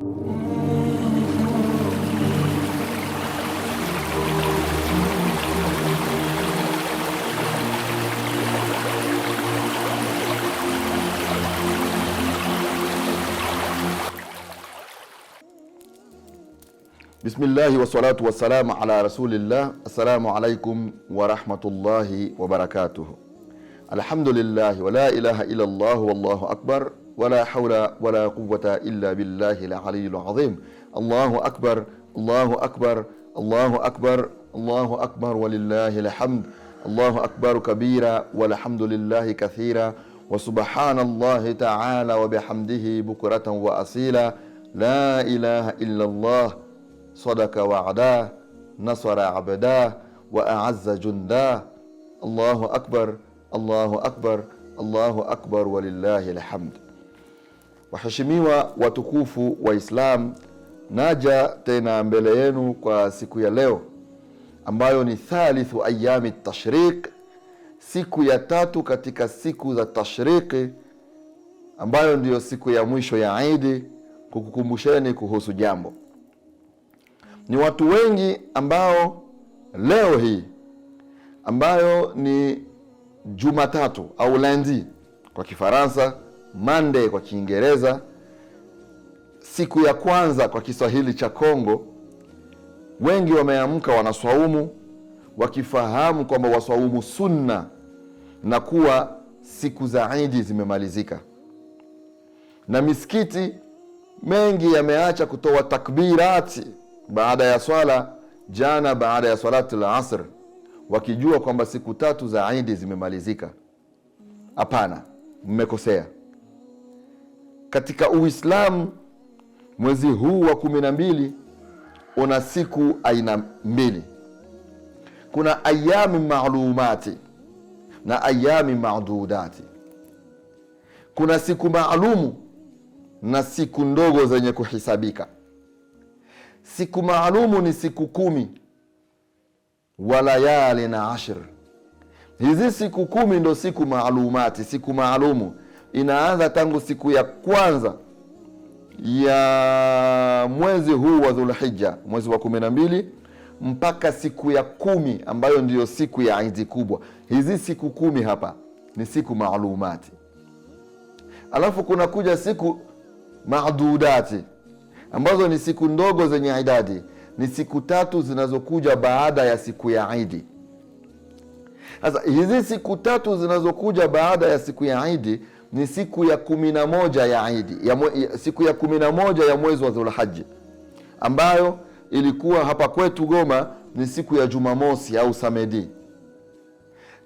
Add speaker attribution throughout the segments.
Speaker 1: بسم الله والصلاة والسلام على رسول الله السلام عليكم ورحمة الله وبركاته الحمد لله ولا إله إلا الله والله أكبر ولا حول ولا قوة إلا بالله العلي العظيم الله أكبر الله أكبر الله أكبر الله أكبر ولله الحمد الله أكبر كبيرا والحمد لله كثيرا وسبحان الله تعالى وبحمده بكرة وأصيلا لا إله إلا الله صدق وعداه نصر عبداه وأعز جنداه الله أكبر الله أكبر الله أكبر ولله الحمد Waheshimiwa watukufu Islam, naja tena mbele yenu kwa siku ya leo ambayo ni thalithu ayami tashriq, siku ya tatu katika siku za tashriqi ambayo ndiyo siku ya mwisho ya Idi, kukukumbusheni kuhusu jambo. Ni watu wengi ambao leo hii ambayo ni Jumatatu au lundi kwa Kifaransa Monday kwa Kiingereza, siku ya kwanza kwa Kiswahili cha Kongo. Wengi wameamka wanaswaumu wakifahamu kwamba waswaumu sunna na kuwa siku za Idi zimemalizika, na misikiti mengi yameacha kutoa takbirati baada ya swala jana, baada ya swalatul asr, wakijua kwamba siku tatu za Idi zimemalizika. Hapana, mmekosea katika Uislamu mwezi huu wa kumi na mbili una siku aina mbili. Kuna ayami maalumati na ayami madudati. Kuna siku maalumu na siku ndogo zenye kuhisabika. Siku maalumu ni siku kumi wa layali na ashir. Hizi siku kumi ndo siku maalumati, siku maalumu inaanza tangu siku ya kwanza ya mwezi huu wa dhulhija mwezi wa kumi na mbili mpaka siku ya kumi ambayo ndiyo siku ya Idi kubwa. Hizi siku kumi hapa ni siku maalumati, alafu kuna kuja siku madudati ambazo ni siku ndogo zenye idadi, ni siku tatu zinazokuja baada ya siku ya Idi. Sasa hizi siku tatu zinazokuja baada ya siku ya Idi ni siku ya kumi na moja ya Idi ya mwe, ya, siku ya kumi na moja ya mwezi wa Dhulhaji ambayo ilikuwa hapa kwetu Goma ni siku ya Jumamosi au Samedi,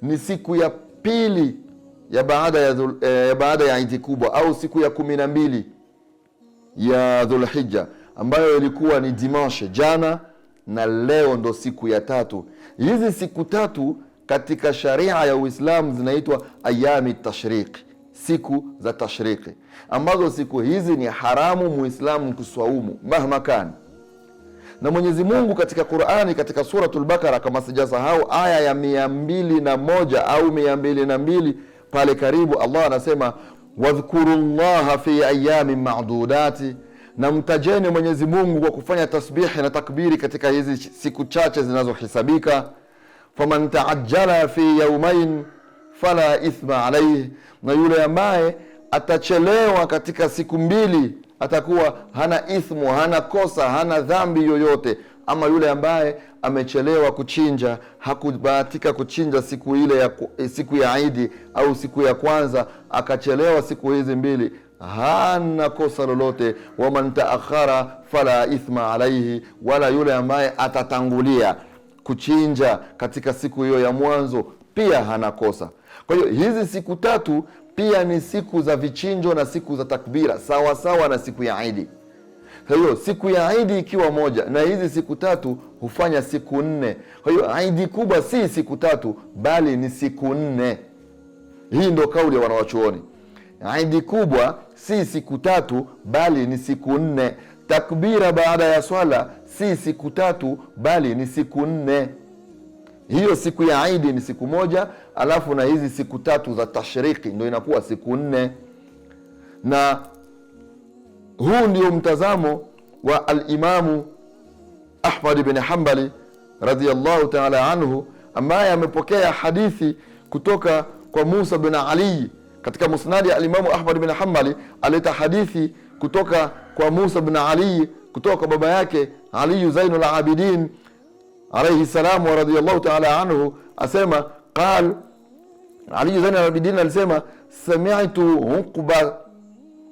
Speaker 1: ni siku ya pili ya baada ya, eh, ya, baada ya Idi kubwa au siku ya kumi na mbili ya dhulhija ambayo ilikuwa ni dimanche jana, na leo ndo siku ya tatu. Hizi siku tatu katika sharia ya Uislamu zinaitwa ayami tashriki siku za tashriki, ambazo siku hizi ni haramu muislamu kuswaumu mahma Na Mwenyezi Mungu katika Qur'ani, katika Suratul Bakara, kama sijasahau, aya ya mia mbili na moja au mia mbili na mbili pale karibu, Allah anasema wadhkuru llaha fi ayamin madudati, na mtajeni Mwenyezi Mungu kwa kufanya tasbihi na takbiri katika hizi siku chache zinazohesabika. faman taajala fi yaumain fala ithma alaihi, na yule ambaye atachelewa katika siku mbili atakuwa hana ithmu, hana kosa, hana dhambi yoyote. Ama yule ambaye amechelewa kuchinja, hakubahatika kuchinja siku ile ya, eh, siku ya Idi au siku ya kwanza, akachelewa siku hizi mbili hana kosa lolote. Waman taakhara fala ithma alaihi, wala yule ambaye atatangulia kuchinja katika siku hiyo ya mwanzo pia hana kosa. Kwa hiyo hizi siku tatu pia ni siku za vichinjo na siku za takbira, sawa sawa na siku ya Idi. Kwa hiyo siku ya Idi ikiwa moja na hizi siku tatu hufanya siku nne. Kwa hiyo Idi kubwa si siku tatu, bali ni siku nne. Hii ndo kauli ya wanawachuoni. Idi kubwa si siku tatu, bali ni siku nne. Takbira baada ya swala si siku tatu, bali ni siku nne hiyo siku ya Idi ni siku moja, alafu na hizi siku tatu za tashriki ndio inakuwa siku nne, na huu ndio mtazamo wa alimamu Ahmad bin Hambali radhiyallahu taala anhu, ambaye amepokea hadithi kutoka kwa Musa bin Ali katika musnadi alimamu Ahmad bin Hambali, aleta hadithi kutoka kwa Musa bin Ali kutoka kwa baba yake Aliyu Zainul Abidin alaihi salam wa radiyallahu taala anhu asema qal Ali Zain Abidin alisema sami'tu Uqba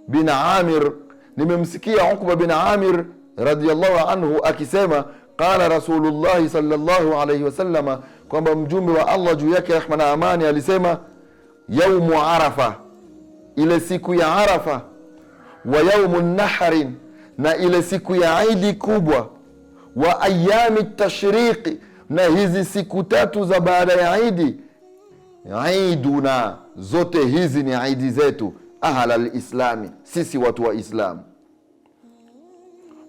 Speaker 1: bin Amir, nimemsikia Uqba bin Amir radiyallahu anhu akisema qala Rasulullahi sallallahu alayhi wasallama, kwamba mjumbe wa Allah juu yake rehma na amani alisema yaumu Arafa, ile siku ya Arafa, wa yaumu nahrin, na ile siku ya idi kubwa wa ayami tashriqi, na hizi siku tatu za baada ya idi. Iduna, zote hizi ni idi zetu. Ahla lislami, sisi watu wa Islam.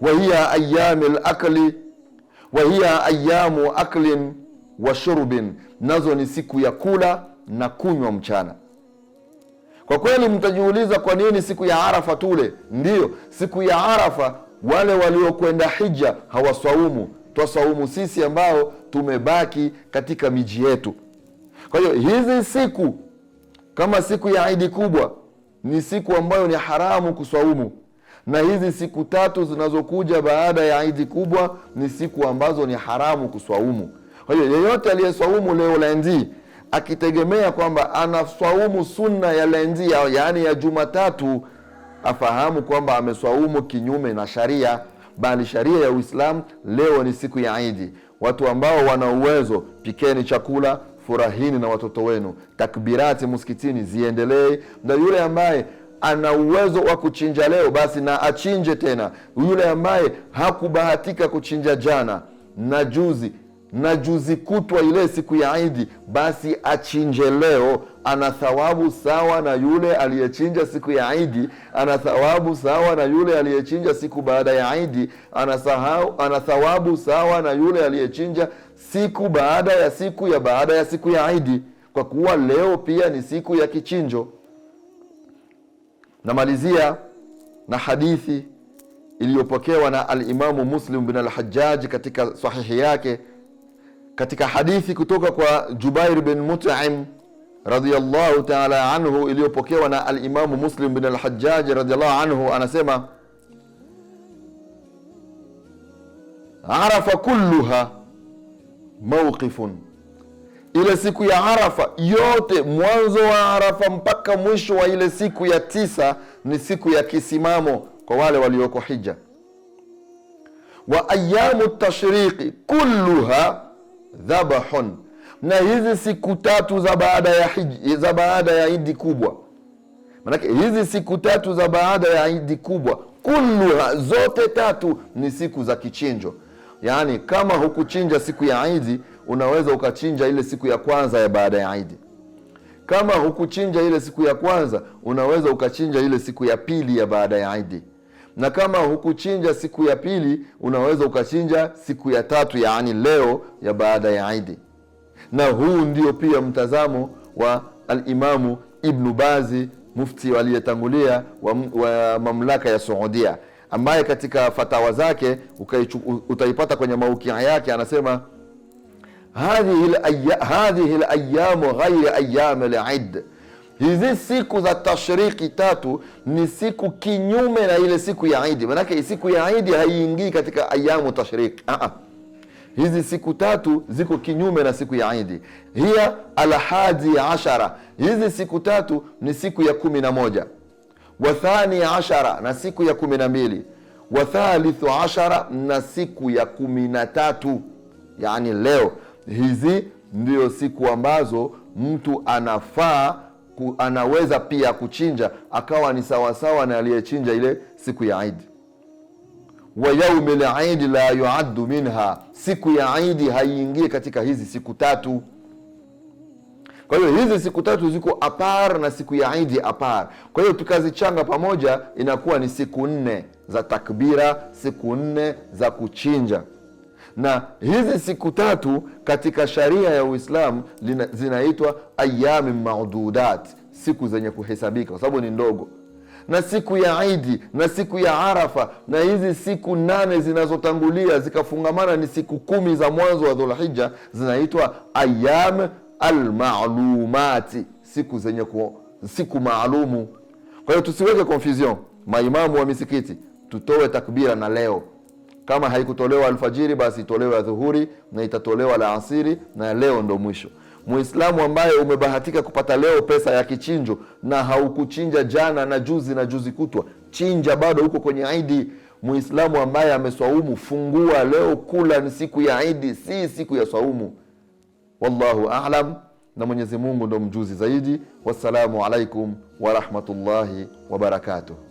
Speaker 1: Wahiya ayami lakli, wahiya ayamu aklin wa shurbin, nazo ni siku ya kula na kunywa mchana. Kwa kweli mtajiuliza, kwa nini siku ya Arafa tule? Ndiyo, siku ya Arafa wale waliokwenda hija hawaswaumu, twaswaumu sisi ambao tumebaki katika miji yetu. Kwa hiyo hizi siku kama siku ya Idi kubwa ni siku ambayo ni haramu kuswaumu, na hizi siku tatu zinazokuja baada ya Idi kubwa ni siku ambazo ni haramu kuswaumu. Kwa hiyo yeyote aliyeswaumu leo lendi akitegemea kwamba anaswaumu sunna ya lendi, yaani ya Jumatatu afahamu kwamba ameswaumu kinyume na sharia, bali sharia ya Uislamu. Leo ni siku ya Idi. Watu ambao wana uwezo, pikeni chakula, furahini na watoto wenu, takbirati msikitini ziendelee, na yule ambaye ana uwezo wa kuchinja leo basi na achinje tena. Yule ambaye hakubahatika kuchinja jana na juzi na juzi kutwa ile siku ya Idi, basi achinje leo, ana thawabu sawa na yule aliyechinja siku ya Idi, ana thawabu sawa na yule aliyechinja siku baada ya Idi, ana thawabu sawa na yule aliyechinja siku baada ya siku ya baada ya siku ya Idi, kwa kuwa leo pia ni siku ya kichinjo. Namalizia na hadithi iliyopokewa na Alimamu Muslim bin Alhajaji katika sahihi yake katika hadithi kutoka kwa Jubair bin mutim radhiyallahu taala anhu iliyopokewa na alimamu Muslim bin Alhajaj radhiyallahu anhu anasema Arafa kulluha mawqifun, ile siku ya Arafa yote, mwanzo wa Arafa mpaka mwisho wa ile siku ya tisa ni siku ya kisimamo kwa wale walioko hija. Wa ayamu tashriqi kulluha dhabahun. Na hizi siku tatu za baada ya hiji, za baada ya idi kubwa, maanake hizi siku tatu za baada ya idi kubwa, kulluha, zote tatu ni siku za kichinjo. Yaani kama hukuchinja siku ya idi, unaweza ukachinja ile siku ya kwanza ya baada ya idi. Kama hukuchinja ile siku ya kwanza, unaweza ukachinja ile siku ya pili ya baada ya idi na kama hukuchinja siku ya pili, unaweza ukachinja siku ya tatu, yaani leo ya baada ya Idi. Na huu ndio pia mtazamo wa Alimamu Ibnu Bazi, mufti aliyetangulia wa, wa mamlaka ya suudia ambaye katika fatawa zake utaipata kwenye maukia yake, anasema hadhihi layamu ghairi ayami lid hizi siku za tashriki tatu ni siku kinyume na ile siku ya Idi. Maanake siku ya Idi haiingii katika ayamu tashriki. Aa, hizi siku tatu ziko kinyume na siku ya Idi. Hiya alhadi ashara, hizi siku tatu ni siku ya kumi na moja wathani ashara na siku ya kumi na mbili wathalithu ashara na siku ya kumi na tatu yani leo. Hizi ndio siku ambazo mtu anafaa ku, anaweza pia kuchinja akawa ni sawasawa na aliyechinja ile siku ya Idi. Wa yaumi lidi la yuaddu minha, siku ya Idi haiingii katika hizi siku tatu. Kwa hiyo hizi siku tatu ziko apar na siku ya Idi apar. Kwa hiyo tukazichanga pamoja, inakuwa ni siku nne za takbira, siku nne za kuchinja na hizi siku tatu katika sharia ya Uislamu zinaitwa ayami maududat, siku zenye kuhesabika, kwa sababu ni ndogo, na siku ya Idi na siku ya Arafa na hizi siku nane zinazotangulia zikafungamana, ni siku kumi za mwanzo wa Dhulhija, zinaitwa ayam almalumati, siku zenye ku, siku maalumu. Kwa hiyo tusiweke confusion, maimamu wa misikiti, tutoe takbira na leo kama haikutolewa alfajiri, basi itolewe adhuhuri na itatolewa la asiri, na leo ndo mwisho. Muislamu ambaye umebahatika kupata leo pesa ya kichinjo na haukuchinja jana na juzi na juzi kutwa, chinja, bado huko kwenye Idi. Muislamu ambaye ameswaumu, fungua leo, kula, ni siku ya Idi, si siku ya swaumu. Wallahu alam, na Mwenyezi Mungu ndo mjuzi zaidi. Wassalamu alaikum warahmatullahi wabarakatuh.